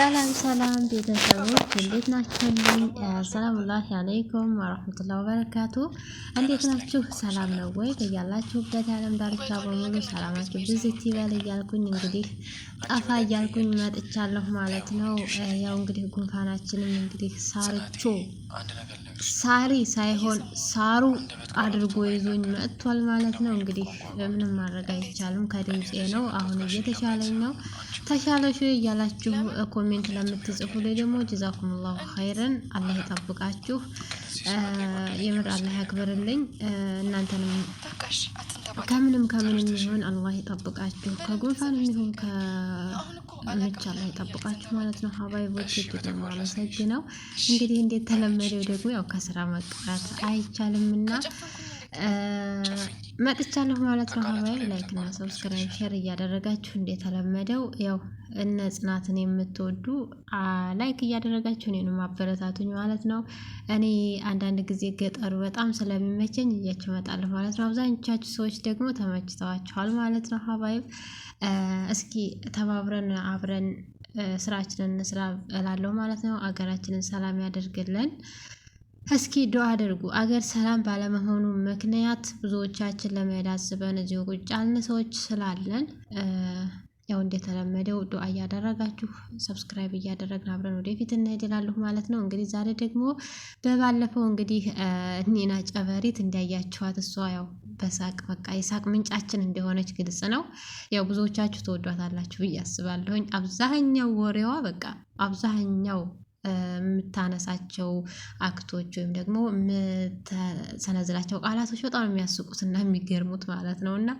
ሰላም ሰላም ቤተሰቦች እንዴት ናችሁልኝ? አሰላሙ አለይኩም ወረሕመቱላሂ ወበረካቱ። እንዴት ናችሁ? ሰላም ነው ወይ? በያላችሁበት የዓለም ዳርቻ በሙሉ ሰላማችሁ ብዝት ይበል እያልኩኝ እንግዲህ ጠፋ እያልኩኝ መጥቻለሁ ማለት ነው። ያው እንግዲህ ጉንፋናችንም እንግዲህ ሳርቹ ሳሪ ሳይሆን ሳሩ አድርጎ ይዞኝ መጥቷል ማለት ነው። እንግዲህ ምንም ማድረግ አይቻልም። ከድምፄ ነው አሁን እየተሻለኝ ነው። ተሻለሽ እያላችሁ ኮሜንት ለምትጽፉ ላይ ደግሞ ጀዛኩሙላሁ ኸይረን አላህ ይጠብቃችሁ። የምር አላህ ያክብርልኝ። እናንተንም ከምንም ከምንም ይሁን አላህ ይጠብቃችሁ። ከጉንፋን የሚሆን ከምች አላህ ይጠብቃችሁ ማለት ነው። ሀባይቦች ደግሞ አመሰግነው። እንግዲህ እንደተለመደው ደግሞ ያው ከስራ መቅረት አይቻልምና መጥቻለሁ ማለት ነው። ሀባይ ላይክ እና ሰብስክራይብ ሼር እያደረጋችሁ እንደተለመደው ያው እነ ጽናትን የምትወዱ ላይክ እያደረጋችሁ እኔንም ማበረታቱኝ ማለት ነው። እኔ አንዳንድ ጊዜ ገጠሩ በጣም ስለሚመቸኝ እያችሁ እመጣለሁ ማለት ነው። አብዛኞቻችሁ ሰዎች ደግሞ ተመችተዋችኋል ማለት ነው። ሀባይም እስኪ ተባብረን አብረን ስራችንን እንስራ እላለሁ ማለት ነው። አገራችንን ሰላም ያደርግልን። እስኪ ዱዓ አድርጉ። አገር ሰላም ባለመሆኑ ምክንያት ብዙዎቻችን ለመሄድ አስበን እዚሁ ቁጭ ያልን ሰዎች ስላለን ያው እንደተለመደው ዱአ እያደረጋችሁ ሰብስክራይብ እያደረግን አብረን ወደፊት እንሄድ ላለሁ ማለት ነው። እንግዲህ ዛሬ ደግሞ በባለፈው እንግዲህ ኒና ጨበሪት እንዳያችኋት እሷ ያው በሳቅ በቃ የሳቅ ምንጫችን እንደሆነች ግልጽ ነው። ያው ብዙዎቻችሁ ተወዷታላችሁ ብዬ አስባለሁኝ። አብዛኛው ወሬዋ በቃ አብዛኛው የምታነሳቸው አክቶች ወይም ደግሞ የምትሰነዝራቸው ቃላቶች በጣም የሚያስቁት እና የሚገርሙት ማለት ነው። እና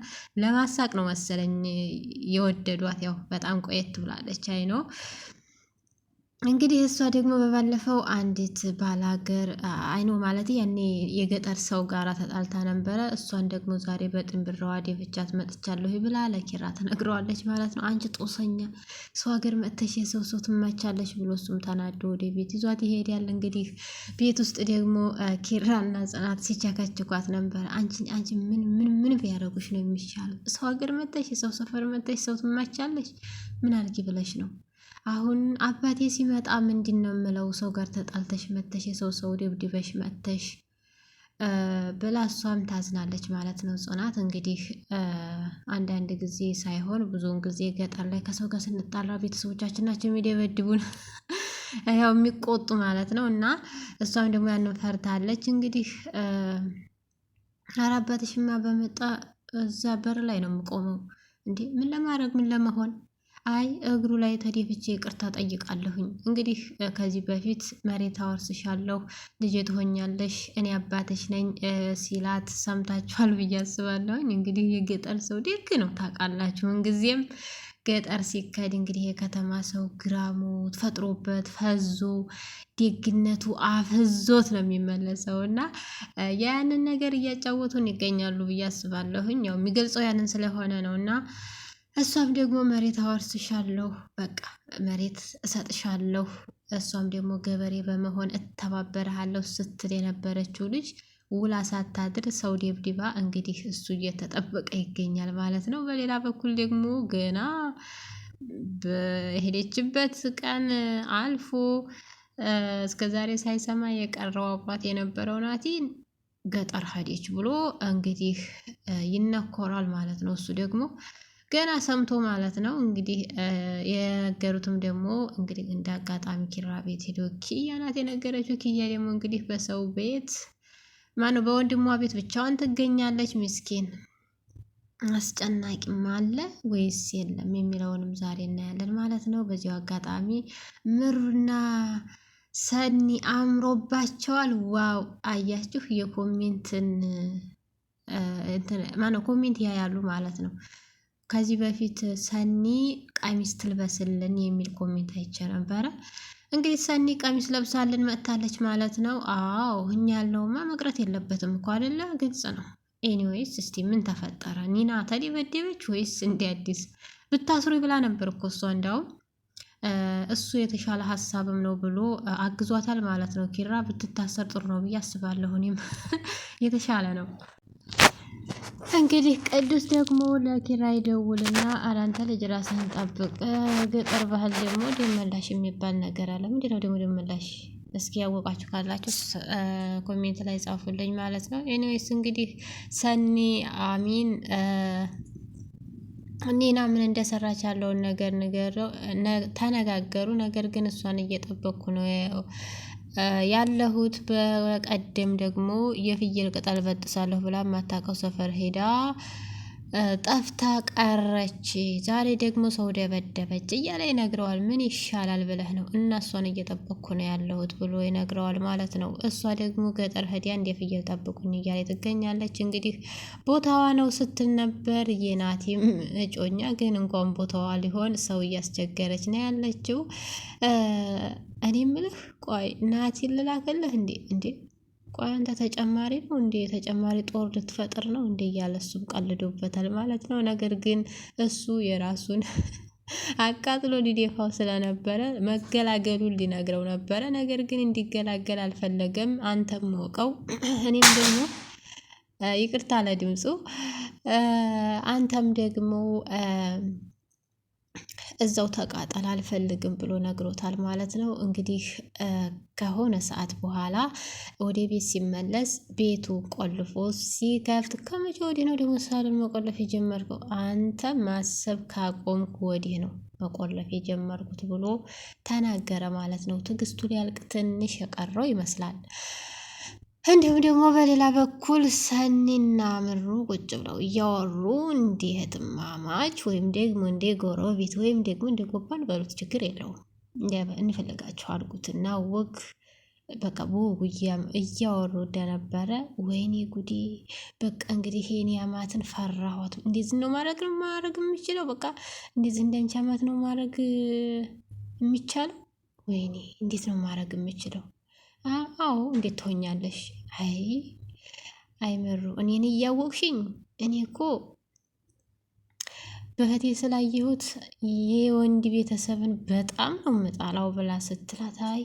ለማሳቅ ነው መሰለኝ የወደዷት ያው በጣም ቆየት ብላለች አይ ነው። እንግዲህ እሷ ደግሞ በባለፈው አንዲት ባላገር አይኖ ማለት ያኔ የገጠር ሰው ጋር ተጣልታ ነበረ። እሷን ደግሞ ዛሬ በጥንብራዋ ደፍቻት መጥቻለሁ ብላ ለኪራ ተነግረዋለች ማለት ነው። አንቺ ጦሰኛ ሰው ሀገር መጥተሽ የሰው ሰው ትመቻለች ብሎ እሱም ተናዶ ወደ ቤት ይዟት ይሄዳል። እንግዲህ ቤት ውስጥ ደግሞ ኪራ ኪራና ጽናት ሲቻካችኳት ነበረ። አንቺ ምን ምን ምን ቢያደርጉሽ ነው የሚሻለው? ሰው ሀገር መጥተሽ የሰው ሰፈር መጥተሽ ሰው ትመቻለች ምን አልጊ ብለሽ ነው አሁን አባቴ ሲመጣ ምንድን ነው የምለው ሰው ጋር ተጣልተሽ መተሽ የሰው ሰው ድብድበሽ መተሽ ብላ እሷም ታዝናለች ማለት ነው። ጽናት እንግዲህ አንዳንድ ጊዜ ሳይሆን ብዙውን ጊዜ ገጠር ላይ ከሰው ጋር ስንጣራ ቤተሰቦቻችን ናቸው የሚደበድቡን ያው የሚቆጡ ማለት ነው። እና እሷም ደግሞ ያንን ፈርታለች እንግዲህ አራባትሽማ በመጣ እዛ በር ላይ ነው የምቆመው እንዴ ምን ለማድረግ ምን ለመሆን አይ እግሩ ላይ ተደፍቼ ይቅርታ ጠይቃለሁኝ። እንግዲህ ከዚህ በፊት መሬት አወርስሻለሁ፣ ልጄ ትሆኛለሽ፣ እኔ አባትሽ ነኝ ሲላት ሰምታችኋል ብዬ አስባለሁኝ። እንግዲህ የገጠር ሰው ደግ ነው ታውቃላችሁ። ምንጊዜም ገጠር ሲከድ እንግዲህ የከተማ ሰው ግራሙ ተፈጥሮበት ፈዞ ደግነቱ አፍዞት ነው የሚመለሰው እና ያንን ነገር እያጫወቱን ይገኛሉ ብዬ አስባለሁኝ። ያው የሚገልጸው ያንን ስለሆነ ነው እና እሷም ደግሞ መሬት አወርስሻለሁ፣ በቃ መሬት እሰጥሻለሁ፣ እሷም ደግሞ ገበሬ በመሆን እተባበረሃለሁ ስትል የነበረችው ልጅ ውላ ሳታድር ሰው ደብድባ እንግዲህ እሱ እየተጠበቀ ይገኛል ማለት ነው። በሌላ በኩል ደግሞ ገና በሄደችበት ቀን አልፎ እስከዛሬ ሳይሰማ የቀረው አባት የነበረው ናቲ ገጠር ሄደች ብሎ እንግዲህ ይነኮራል ማለት ነው። እሱ ደግሞ ገና ሰምቶ ማለት ነው እንግዲህ የነገሩትም ደግሞ እንግዲህ እንደ አጋጣሚ ኪራ ቤት ሄዶ ኪያ ናት የነገረችው። ኪያ ደግሞ እንግዲህ በሰው ቤት ማነው በወንድሟ ቤት ብቻዋን ትገኛለች። ምስኪን አስጨናቂም አለ ወይስ የለም የሚለውንም ዛሬ እናያለን ማለት ነው። በዚሁ አጋጣሚ ምሩና ሰኒ አምሮባቸዋል። ዋው አያችሁ፣ የኮሜንትን ማነው ኮሜንት ያያሉ ማለት ነው። ከዚህ በፊት ሰኒ ቀሚስ ትልበስልን የሚል ኮሜንት አይቼ ነበረ። እንግዲህ ሰኒ ቀሚስ ለብሳልን መጥታለች ማለት ነው። አዎ እኛ ያለውማ መቅረት የለበትም እኮ አይደለ? ግልጽ ነው። ኤኒዌይስ እስቲ ምን ተፈጠረ? ኒና ተደበደበች ወይስ እንዲ አዲስ ብታስሩ ብላ ነበር እኮ እሷ። እንዳውም እሱ የተሻለ ሀሳብም ነው ብሎ አግዟታል ማለት ነው። ኪራ ብትታሰር ጥሩ ነው ብዬ አስባለሁ። እኔም የተሻለ ነው። እንግዲህ ቅዱስ ደግሞ ለኪራይ ደውልና አላንተ ልጅ ራስህን ጠብቅ፣ ገጠር ባህል ደግሞ ደመላሽ የሚባል ነገር አለ። ምንድን ነው ደግሞ ደመላሽ? እስኪ ያወቃችሁ ካላችሁ ኮሜንት ላይ ጻፉልኝ ማለት ነው። ኤኒዌይስ እንግዲህ ሰኒ አሚን እኔና ምን እንደሰራች ያለውን ነገር ንገረው ተነጋገሩ። ነገር ግን እሷን እየጠበቅኩ ነው ያለሁት በቀደም ደግሞ የፍየል ቅጠል በጥሳለሁ ብላ የማታውቀው ሰፈር ሄዳ ጠፍታ ቀረች። ዛሬ ደግሞ ሰው ደበደበች እያለ ይነግረዋል። ምን ይሻላል ብለህ ነው? እናሷን እየጠበቅኩ ነው ያለሁት ብሎ ይነግረዋል ማለት ነው። እሷ ደግሞ ገጠር ሄዳ እንደ ፍየል ጠብቁኝ እያለ ትገኛለች። እንግዲህ ቦታዋ ነው ስትል ነበር። የናቲም እጮኛ ግን እንኳን ቦታዋ ሊሆን ሰው እያስቸገረች ነው ያለችው። እኔ ምልህ ቆይ ናቲን ልላክልህ እንዴ? እንዴ ቆይ አንተ ተጨማሪ ነው እንዴ? ተጨማሪ ጦር ልትፈጥር ነው እንዴ? እያለ እሱም ቀልዶበታል ማለት ነው። ነገር ግን እሱ የራሱን አቃጥሎ ሊደፋው ስለነበረ መገላገሉን ሊነግረው ነበረ። ነገር ግን እንዲገላገል አልፈለገም። አንተም ወቀው፣ እኔም ደግሞ ይቅርታ ለድምፁ አንተም ደግሞ እዛው ተቃጠል አልፈልግም ብሎ ነግሮታል ማለት ነው። እንግዲህ ከሆነ ሰዓት በኋላ ወደ ቤት ሲመለስ ቤቱ ቆልፎ ሲከፍት ከመቼ ወዲህ ነው ደግሞ ሳሎን መቆለፍ የጀመርከው? አንተ ማሰብ ካቆምኩ ወዲህ ነው መቆለፍ የጀመርኩት ብሎ ተናገረ ማለት ነው። ትዕግስቱ ሊያልቅ ትንሽ የቀረው ይመስላል። እንዲሁም ደግሞ በሌላ በኩል ሰኒና ምሩ ቁጭ ብለው እያወሩ እንዲህ እህትማማች ወይም ደግሞ እንደ ጎረቤት ወይም ደግሞ እንደ ጎባን በሉት ችግር የለውም። እንፈልጋቸው አድርጉትና ውግ በቃ በወጉ እያወሩ እንደነበረ ወይኔ ጉዴ፣ በቃ እንግዲህ ይሄን ያማትን ፈራኋት። እንደዚህ ነው ማድረግ ነው ማድረግ የሚችለው በቃ እንደዚህ እንዳንቺ አማት ነው ማድረግ የሚቻለው። ወይኔ እንዴት ነው ማድረግ የምችለው? አዎ እንዴት ትሆኛለሽ? አይ አይመሩ እኔን እያወቅሽኝ እኔ እኮ በእህቴ ስላየሁት የወንድ ቤተሰብን በጣም ነው ምጣላው ብላ ስትላት፣ አይ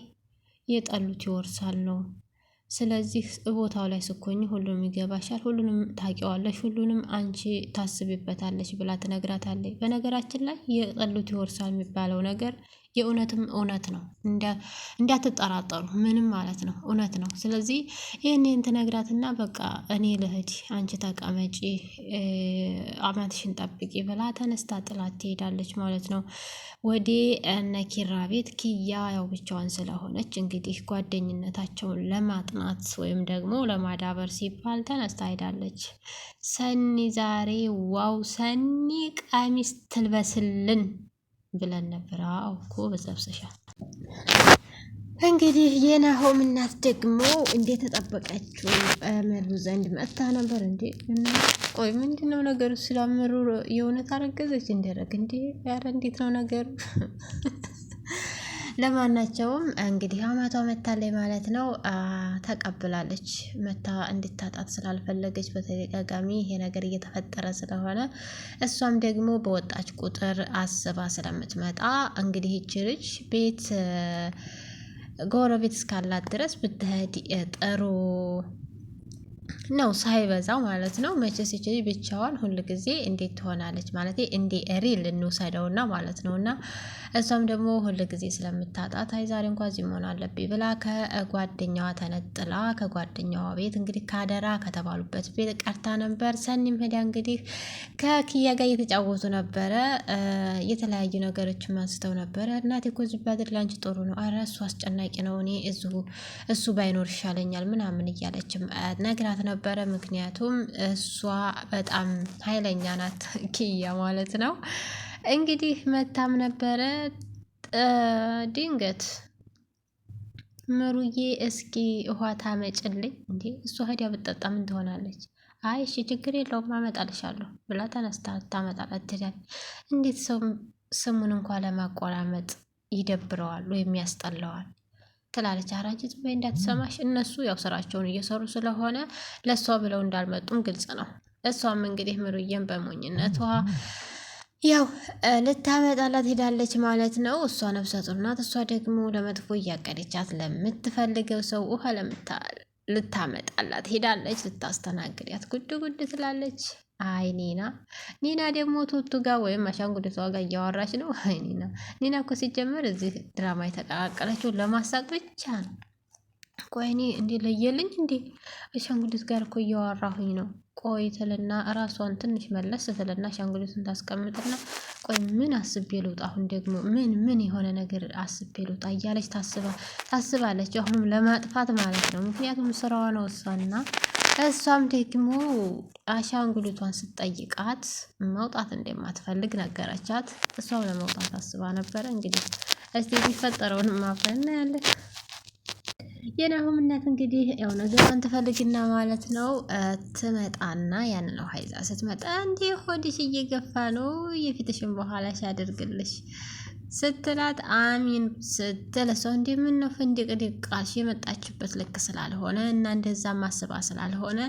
የጠሉት ይወርሳል ነው። ስለዚህ ቦታው ላይ ስኮኝ ሁሉንም ይገባሻል፣ ሁሉንም ታቂዋለሽ፣ ሁሉንም አንቺ ታስቢበታለሽ ብላ ትነግራታለች። በነገራችን ላይ የጠሉት ይወርሳል የሚባለው ነገር የእውነትም እውነት ነው። እንዳትጠራጠሩ ምንም ማለት ነው እውነት ነው። ስለዚህ ይህን ትነግራትና በቃ እኔ ልሂድ፣ አንቺ ተቀመጪ፣ አመትሽን ጠብቂ ብላ ተነስታ ጥላት ትሄዳለች ማለት ነው። ወዴ እነ ኪራ ቤት ኪያ ያው ብቻዋን ስለሆነች እንግዲህ ጓደኝነታቸውን ለማጥናት ወይም ደግሞ ለማዳበር ሲባል ተነስታ ሄዳለች። ሰኒ ዛሬ ዋው ሰኒ ቀሚስ ትልበስልን ብለን ነበር። አዎ እኮ እንግዲህ የናሆም እናት ደግሞ እንዴት ተጠበቀችው መሩ ዘንድ መጥታ ነበር። እንዴ ቆይ ምንድን ነው ነገሩ? ስላመሩ የእውነት አረገዘች እንዲያደረግ እንዴ? ያረ እንዴት ነው ነገሩ? ለማናቸውም እንግዲህ መታ ላይ ማለት ነው ተቀብላለች። መታ እንድታጣት ስላልፈለገች በተደጋጋሚ ይሄ ነገር እየተፈጠረ ስለሆነ እሷም ደግሞ በወጣች ቁጥር አስባ ስለምትመጣ እንግዲህ ይች ልጅ ቤት ጎረቤት እስካላት ድረስ ብትሄድ ጥሩ ነው ሳይበዛው ማለት ነው። መቼስ ይች ብቻዋን ሁል ጊዜ እንዴት ትሆናለች ማለት እንዴ እሪ ና ማለት ነው። እና እሷም ደግሞ ሁል ጊዜ ስለምታጣት አይ ዛሬ እንኳ እዚህ መሆን አለብኝ ብላ ከጓደኛዋ ተነጥላ ከጓደኛዋ ቤት እንግዲህ ካደራ ከተባሉበት ቤት ቀርታ ነበር። ሰኒም ሄዳ እንግዲህ ከክያ ጋር እየተጫወቱ ነበረ። የተለያዩ ነገሮች አንስተው ነበረ። እናቴ እኮ እዚህ ባድር ለአንቺ ጥሩ ነው። አረ እሱ አስጨናቂ ነው። እኔ እሱ ባይኖር ይሻለኛል ምናምን እያለችም ነግራ ብያት ነበረ። ምክንያቱም እሷ በጣም ኃይለኛ ናት፣ ኪያ ማለት ነው። እንግዲህ መታም ነበረ ድንገት ምሩዬ እስኪ ውሃ ታመጭልኝ እንዴ? እሷ ሄዲያ ብጠጣ ምን ትሆናለች? አይ እሺ ችግር የለውም አመጣልሻለሁ ብላ ተነስታ ታመጣላት እንዴት ሰው ስሙን እንኳ ለማቆራመጥ ይደብረዋል ወይም ያስጠላዋል። ትላለች። አራጅት አንቺ በይ እንዳትሰማሽ። እነሱ ያው ስራቸውን እየሰሩ ስለሆነ ለእሷ ብለው እንዳልመጡም ግልጽ ነው። እሷም እንግዲህ ምሩዬን በሞኝነቷ ያው ልታመጣላት ሄዳለች ማለት ነው። እሷ ነፍሰ ጡር ናት። እሷ ደግሞ ለመጥፎ እያቀደቻት ለምትፈልገው ሰው ውሃ ልታመጣላት ሄዳለች። ልታስተናግዳት ጉድ ጉድ ትላለች። አይ ኒና ኒና ደግሞ ቱቱ ጋር ወይም አሻንጉሊቷ ጋር እያወራች ነው። አይ ኒና ኒና እኮ ሲጀመር እዚህ ድራማ የተቀላቀለችው ለማሳቅ ብቻ ነው። ቆይ እኔ እንዴ ለየልኝ እንዴ አሻንጉሊት ጋር እኮ እያወራሁኝ ነው። ቆይ ትልና ራሷን ትንሽ መለስ ትልና አሻንጉሊቱን ታስቀምጥና ቆይ ምን አስቤ ልውጣ፣ አሁን ደግሞ ምን ምን የሆነ ነገር አስቤ ልውጣ እያለች ታስባለች። አሁንም ለማጥፋት ማለት ነው። ምክንያቱም ስራዋ ነው እሷና እሷም ደግሞ አሻንጉሊቷን ስትጠይቃት መውጣት እንደማትፈልግ ነገረቻት። እሷም ለመውጣት አስባ ነበረ። እንግዲህ እስቲ የሚፈጠረውን አብረን እናያለን። የናሁም እናት እንግዲህ ያው ነገሯን ትፈልግና ማለት ነው ትመጣና ያንን ውሃ ይዛ ስትመጣ እንዲህ ሆድሽ እየገፋ ነው የፊትሽን በኋላሽ አድርግልሽ ስትላት አሚን ስትል ሰው እንደምን ነው ፍንድቅ ድቃሽ የመጣችበት ልክ ስላልሆነ እና እንደዛ ማስባ ስላልሆነ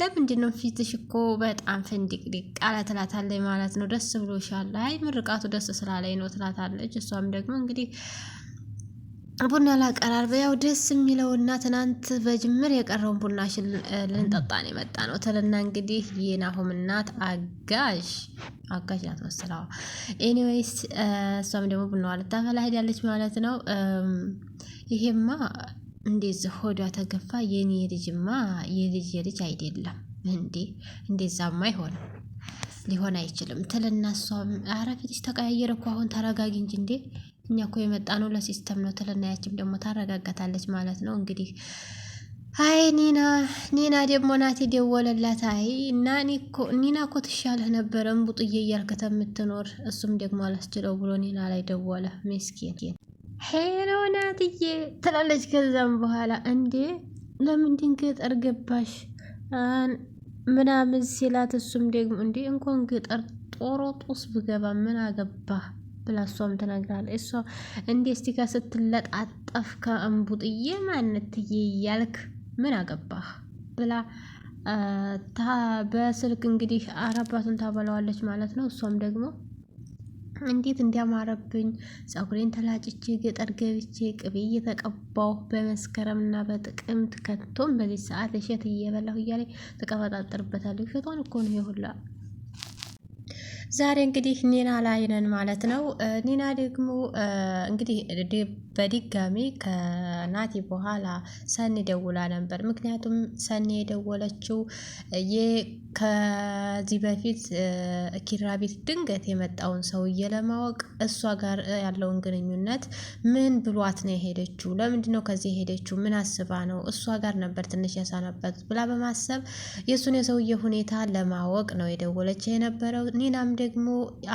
ለምንድን ነው ፊትሽ እኮ በጣም ፍንድቅ ድቃለ ትላታለች ማለት ነው። ደስ ብሎሻል፣ አይ ምርቃቱ ደስ ስላለኝ ነው ትላታለች። እሷም ደግሞ እንግዲህ ቡና ላቀራርበ ያው ደስ የሚለውና ትናንት በጅምር የቀረውን ቡናሽን ልንጠጣን የመጣ ነው ትልና እንግዲህ የናሆም እናት አጋዥ አጋዥ ናት መሰለዋ። ኤኒዌይስ እሷም ደግሞ ቡናዋ ልታፈላ ሄዳለች ማለት ነው። ይሄማ እንዴዝ ሆዷ ተገፋ። የኔ ልጅማ የልጅ የልጅ አይደለም እንዴ! እንደዛማ አይሆንም ሊሆን አይችልም ትልና እሷም አረፊትሽ ተቀያየረ እኮ አሁን ተረጋጊ እንጂ እንዴ እኛ እኮ የመጣ ነው ለሲስተም ነው ትልናያችም ደግሞ ታረጋጋታለች ማለት ነው እንግዲህ አይ ኒና ኒና ደግሞ ናት ደወለላት። አይ እና ኒና እኮ ትሻለህ ነበረ እምቡጥዬ እያልክ ተምትኖር እሱም ደግሞ አላስችለው ብሎ ኒና ላይ ደወለ። ምስኪን ሄሎ ናትዬ ትላለች። ከዛም በኋላ እንዴ ለምንድን ገጠር ገባሽ ምናምን ሲላት እሱም ደግሞ እንዴ እንኳን ገጠር ጦሮጦስ ብገባ ምን አገባ ብላ እሷም ትነግራለች። እሷ እንዴ እስቲ ጋር ስትለጣጠፍ ከእምቡጥዬ ማነትዬ እያልክ ምን አገባህ ብላ በስልክ እንግዲህ አረባቱን ታበላዋለች ማለት ነው። እሷም ደግሞ እንዴት እንዲያማረብኝ ፀጉሬን ተላጭቼ ገጠር ገብቼ ቅቤ እየተቀባሁ በመስከረምና በጥቅምት ከቶም በዚህ ሰዓት እሸት እየበላሁ እያለ ተቀበጣጥርበታለሁ። እሸቷን እኮ ነው ይሁላ ዛሬ እንግዲህ ኒና ላይ ነን ማለት ነው። ኒና ደግሞ እንግዲህ በድጋሚ ከናቲ በኋላ ሰኒ ደውላ ነበር። ምክንያቱም ሰኒ የደወለችው ከዚህ በፊት ኪራ ቤት ድንገት የመጣውን ሰውዬ ለማወቅ እሷ ጋር ያለውን ግንኙነት ምን ብሏት ነው የሄደችው? ለምንድን ነው ከዚህ የሄደችው? ምን አስባ ነው? እሷ ጋር ነበር ትንሽ ያሳነበት ብላ በማሰብ የእሱን የሰውዬ ሁኔታ ለማወቅ ነው የደወለች የነበረው። ኒናም ደግሞ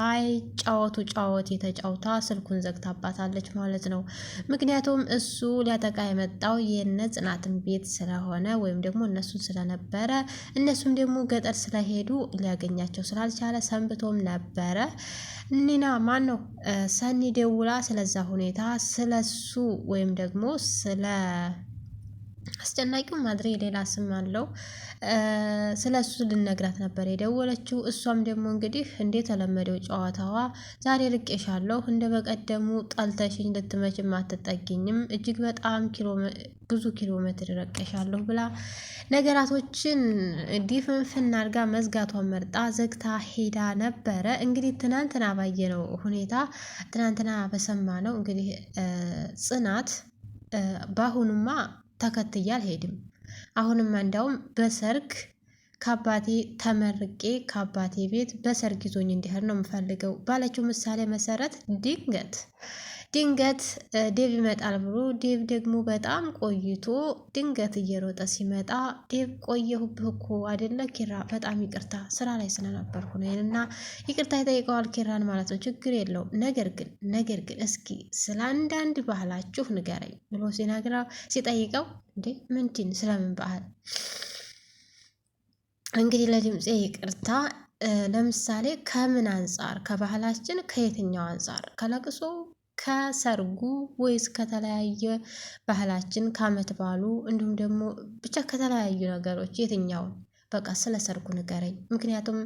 አይ ጫወቱ ጫወት የተጫውታ ስልኩን ዘግታባታለች ማለት ነው። ምክንያቱም እሱ ሊያጠቃ የመጣው የነ ጽናትን ቤት ስለሆነ ወይም ደግሞ እነሱን ስለነበረ እነሱም ደግሞ ገጠር ስለሄዱ ሊያገኛቸው ስላልቻለ ሰንብቶም ነበረ። እኒና ማን ነው ሰኒ ደውላ ስለዛ ሁኔታ ስለሱ ወይም ደግሞ ስለ አስጨናቂው ማድሬ ሌላ ስም አለው። ስለ እሱ ልነግራት ነበር የደወለችው። እሷም ደግሞ እንግዲህ እንደተለመደው ጨዋታዋ ዛሬ ርቄሻለሁ፣ እንደ በቀደሙ ጠልተሽኝ ልትመችም አትጠጊኝም፣ እጅግ በጣም ብዙ ኪሎ ሜትር ርቄሻለሁ ብላ ነገራቶችን ዲፍንፍን አድርጋ መዝጋቷን መርጣ ዘግታ ሄዳ ነበረ። እንግዲህ ትናንትና ባየነው ሁኔታ ትናንትና ነው እንግዲህ ጽናት በአሁኑማ ተከትዬ አልሄድም። አሁንም እንዳውም በሰርግ ከአባቴ ተመርቄ ከአባቴ ቤት በሰርግ ይዞኝ እንዲሄድ ነው የምፈልገው ባለችው ምሳሌ መሰረት ድንገት ድንገት ዴቭ ይመጣል ብሎ ዴቭ ደግሞ በጣም ቆይቶ ድንገት እየሮጠ ሲመጣ ዴቭ ቆየሁብህ እኮ አይደለ ኪራ፣ በጣም ይቅርታ ስራ ላይ ስለነበርኩ ነው ይልና ይቅርታ ይጠይቀዋል ኪራን ማለት ነው። ችግር የለውም ነገር ግን ነገር ግን እስኪ ስለ አንዳንድ ባህላችሁ ንገረኝ ብሎ ሲነግራ ሲጠይቀው እንዴ ምንድን ስለምን ባህል እንግዲህ ለድምፄ ይቅርታ ለምሳሌ ከምን አንጻር ከባህላችን ከየትኛው አንጻር ከለቅሶ ከሰርጉ ወይስ ከተለያየ ባህላችን ከአመት በዓሉ እንዲሁም ደግሞ ብቻ ከተለያዩ ነገሮች የትኛውን በቃ ስለ ሰርጉ ንገረኝ። ምክንያቱም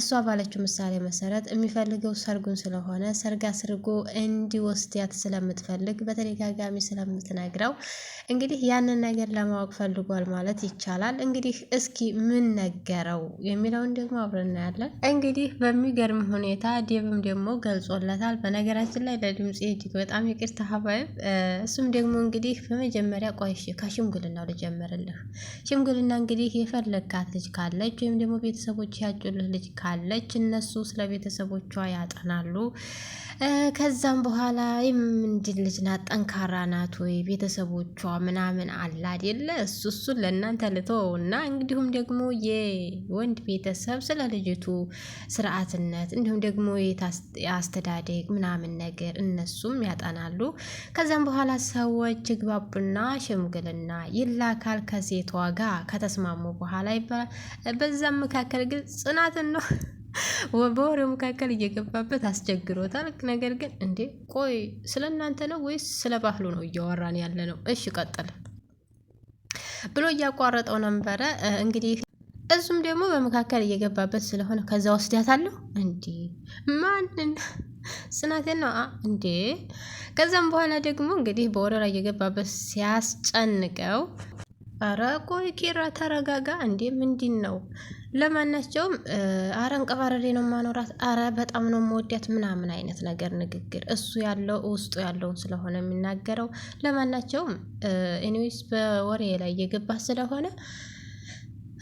እሷ ባለችው ምሳሌ መሰረት የሚፈልገው ሰርጉን ስለሆነ ሰርግ አስርጎ እንዲወስዳት ስለምትፈልግ በተደጋጋሚ ስለምትነግረው እንግዲህ ያንን ነገር ለማወቅ ፈልጓል ማለት ይቻላል። እንግዲህ እስኪ ምን ነገረው የሚለውን ደግሞ አብረን እናያለን። እንግዲህ በሚገርም ሁኔታ ዴብም ደግሞ ገልጾለታል። በነገራችን ላይ ለድምፅ እጅግ በጣም ይቅርታ ሀባይብ። እሱም ደግሞ እንግዲህ በመጀመሪያ ቆይሽ ከሽምግልናው ልጀምርልህ። ሽምግልና እንግዲህ የፈለግካት ልጅ ካለች ወይም ደግሞ ቤተሰቦች ያጩልህ ልጅ ካለች እነሱ ስለ ቤተሰቦቿ ያጠናሉ። ከዛም በኋላ የምንድን ልጅ ናት ጠንካራ ናት ወይ ቤተሰቦቿ ምናምን አላ አደለ እሱ እሱን ለእናንተ እና እንግዲሁም ደግሞ የወንድ ቤተሰብ ስለ ልጅቱ ስርዓትነት እንዲሁም ደግሞ የአስተዳደግ ምናምን ነገር እነሱም ያጠናሉ። ከዛም በኋላ ሰዎች ግባቡና ሽምግልና ይላካል ከሴቷ ጋር ከተስማሙ በኋላ ይባላል። በዛም መካከል ግን ጽናትን ነው በወሬው መካከል እየገባበት አስቸግሮታል። ነገር ግን እንዴ ቆይ ስለ እናንተ ነው ወይስ ስለ ባህሉ ነው እያወራን ያለ ነው? እሺ ቀጥል ብሎ እያቋረጠው ነበረ። እንግዲህ እሱም ደግሞ በመካከል እየገባበት ስለሆነ ከዛ ወስዳታለሁ እንዴ ማንን ጽናቴን ነው እንዴ? ከዛም በኋላ ደግሞ እንግዲህ በወረራ እየገባበት ሲያስጨንቀው፣ ኧረ ቆይ ኪራ ተረጋጋ እንዴ ምንድን ነው ለማናቸውም አረ እንቀባረሬ ነው ማኖራት፣ አረ በጣም ነው መወዳት ምናምን አይነት ነገር ንግግር እሱ ያለው ውስጡ ያለውን ስለሆነ የሚናገረው። ለማናቸውም ኤኒዌይስ በወሬ ላይ እየገባ ስለሆነ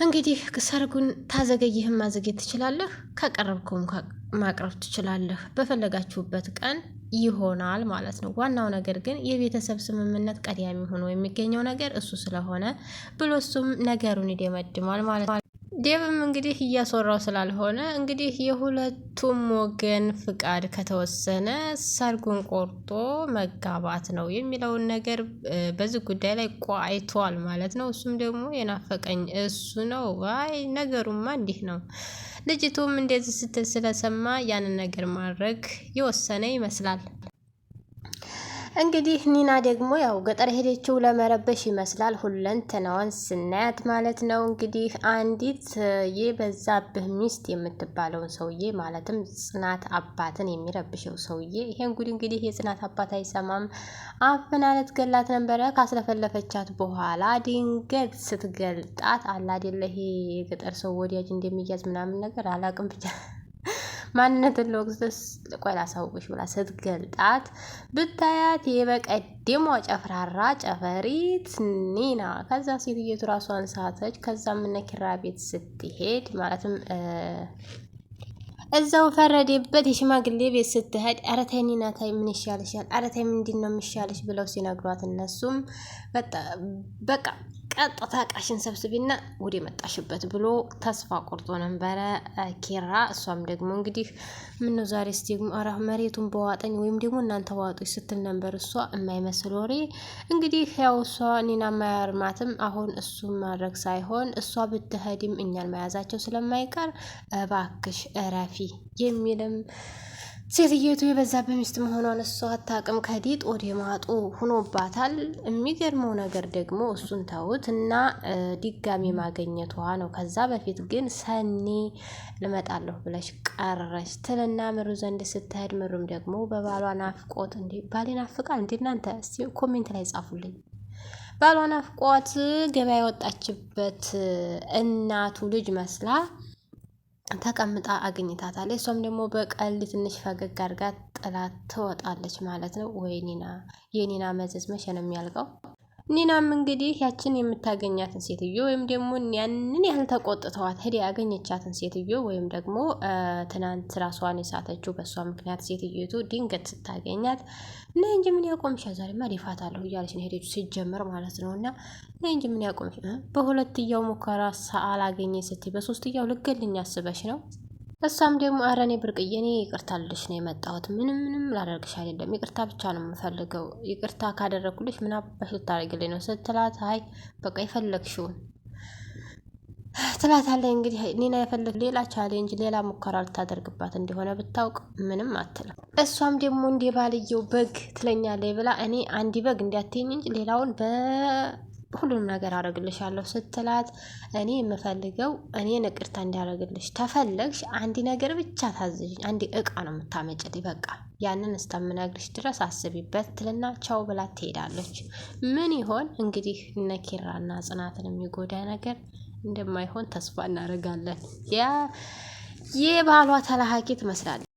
እንግዲህ ሰርጉን ታዘገይህም ማዘግየት ትችላለህ፣ ካቀረብከውም ማቅረብ ትችላለህ። በፈለጋችሁበት ቀን ይሆናል ማለት ነው። ዋናው ነገር ግን የቤተሰብ ስምምነት ቀዳሚ ሆኖ የሚገኘው ነገር እሱ ስለሆነ ብሎ እሱም ነገሩን ይደመድማል ማለት ነው። ዴብም እንግዲህ እያስወራው ስላልሆነ እንግዲህ የሁለቱም ወገን ፍቃድ ከተወሰነ ሰርጉን ቆርጦ መጋባት ነው የሚለውን ነገር በዚህ ጉዳይ ላይ ቋይቷል ማለት ነው። እሱም ደግሞ የናፈቀኝ እሱ ነው። አይ ነገሩማ እንዲህ ነው። ልጅቱም እንደዚህ ስትል ስለሰማ ያንን ነገር ማድረግ የወሰነ ይመስላል። እንግዲህ ኒና ደግሞ ያው ገጠር ሄደችው ለመረበሽ ይመስላል ሁለንተናዋን ስናያት ማለት ነው። እንግዲህ አንዲት የበዛብህ ሚስት የምትባለውን ሰውዬ ማለትም ጽናት አባትን የሚረብሸው ሰውዬ ይሄን ጉድ እንግዲህ የጽናት አባት አይሰማም። አፍናለት ገላት ነበረ። ካስለፈለፈቻት በኋላ ድንገት ስትገልጣት አላደለ ይሄ የገጠር ሰው ወዲያጅ እንደሚያዝ ምናምን ነገር አላቅም ብቻ ማንነትን ለወግዘስ ቆይ ላሳውቅሽ ብላ ስትገልጣት ብታያት የበቀደሟ ጨፍራራ ጨፈሪት ኒና። ከዛ ሴትየቱ ራሷን ሳተች። ከዛ ምነኪራ ቤት ስትሄድ ማለትም እዛው ፈረደበት የሽማግሌ ቤት ስትሄድ ኧረ ተይ ኒና ተይ ምን ይሻልሻል? ኧረ ተይ ምንድን ነው የሚሻልሽ ብለው ሲነግሯት እነሱም በቃ ቀጥታ ቃሽን ሰብስቢና ወደ መጣሽበት ብሎ ተስፋ ቆርጦ ነበረ ኪራ። እሷም ደግሞ እንግዲህ ምነው ስ ደግሞ አራ መሬቱን በዋጠኝ ወይም ደግሞ እናንተ ዋጦች ስትል ነበር እሷ የማይመስል ወሬ። እንግዲህ ያው እሷ እኔን ማያርማትም አሁን እሱን ማድረግ ሳይሆን እሷ ብትሄድም እኛን መያዛቸው ስለማይቀር እባክሽ እረፊ የሚልም ሴትየቱ የበዛብህ ሚስት መሆኗን እሷ አታውቅም። ከዲጥ ወደ ማጡ ሁኖባታል። የሚገርመው ነገር ደግሞ እሱን ተውት እና ድጋሚ ማገኘቷ ነው። ከዛ በፊት ግን ሰኒ ልመጣለሁ ብለሽ ቀረሽ ትልና ምሩ ዘንድ ስትሄድ ምሩም ደግሞ በባሏ ናፍቆት እንዲ ባሌ ናፍቃል እንዲ እናንተ ኮሜንት ላይ ጻፉልኝ። ባሏ ናፍቆት ገበያ የወጣችበት እናቱ ልጅ መስላ ተቀምጣ አግኝታታለች። እሷም ደግሞ በቀል ትንሽ ፈገግ አድርጋ ጥላት ትወጣለች ማለት ነው። ወይ የኔና መዘዝ መቼ ነው የሚያልቀው? ኒናም እንግዲህ ያችን የምታገኛትን ሴትዮ ወይም ደግሞ ያንን ያህል ተቆጥተዋት ሄዳ ያገኘቻትን ሴትዮ ወይም ደግሞ ትናንት ራሷን የሳተችው በእሷ ምክንያት ሴትዮቱ ድንገት ስታገኛት እና እንጂ ምን ያቆምሻ ዛሬ ዛሬማ አለሁ እያለች ነው ሄደች ሲጀምር ማለት ነው። እና እና እንጂ ምን ያቆምሽ በሁለትያው ሙከራ አላገኘ ስትይ በሶስትያው ልገልኝ አስበሽ ነው እሷም ደግሞ ኧረ እኔ ብርቅዬ እኔ ይቅርታ ልልሽ ነው የመጣሁት። ምንም ምንም ላደርግሽ አይደለም፣ ይቅርታ ብቻ ነው የምፈልገው። ይቅርታ ካደረግኩልሽ ምን አባሽ ልታደርግልኝ ነው ስትላት፣ አይ በቃ የፈለግሽውን አለ። እንግዲህ ኒና የፈለግ ሌላ ቻሌንጅ፣ ሌላ ሙከራ ልታደርግባት እንደሆነ ብታውቅ ምንም አትልም። እሷም ደግሞ እንደ ባልየው በግ ትለኛለች ብላ እኔ አንዲ በግ እንዲያትኝ እንጂ ሌላውን በ ሁሉንም ነገር አደርግልሻለሁ ስትላት እኔ የምፈልገው እኔ ንቅርታ እንዲያደርግልሽ ተፈለግሽ አንድ ነገር ብቻ ታዝዥኝ፣ አንድ እቃ ነው የምታመጭልኝ፣ በቃ ያንን እስከምነግርሽ ድረስ አስቢበት ትልና ቻው ብላት ትሄዳለች። ምን ይሆን እንግዲህ እነ ኪራና ጽናትን የሚጎዳ ነገር እንደማይሆን ተስፋ እናደርጋለን። ያ የባሏ ተላሃቂ ትመስላለች።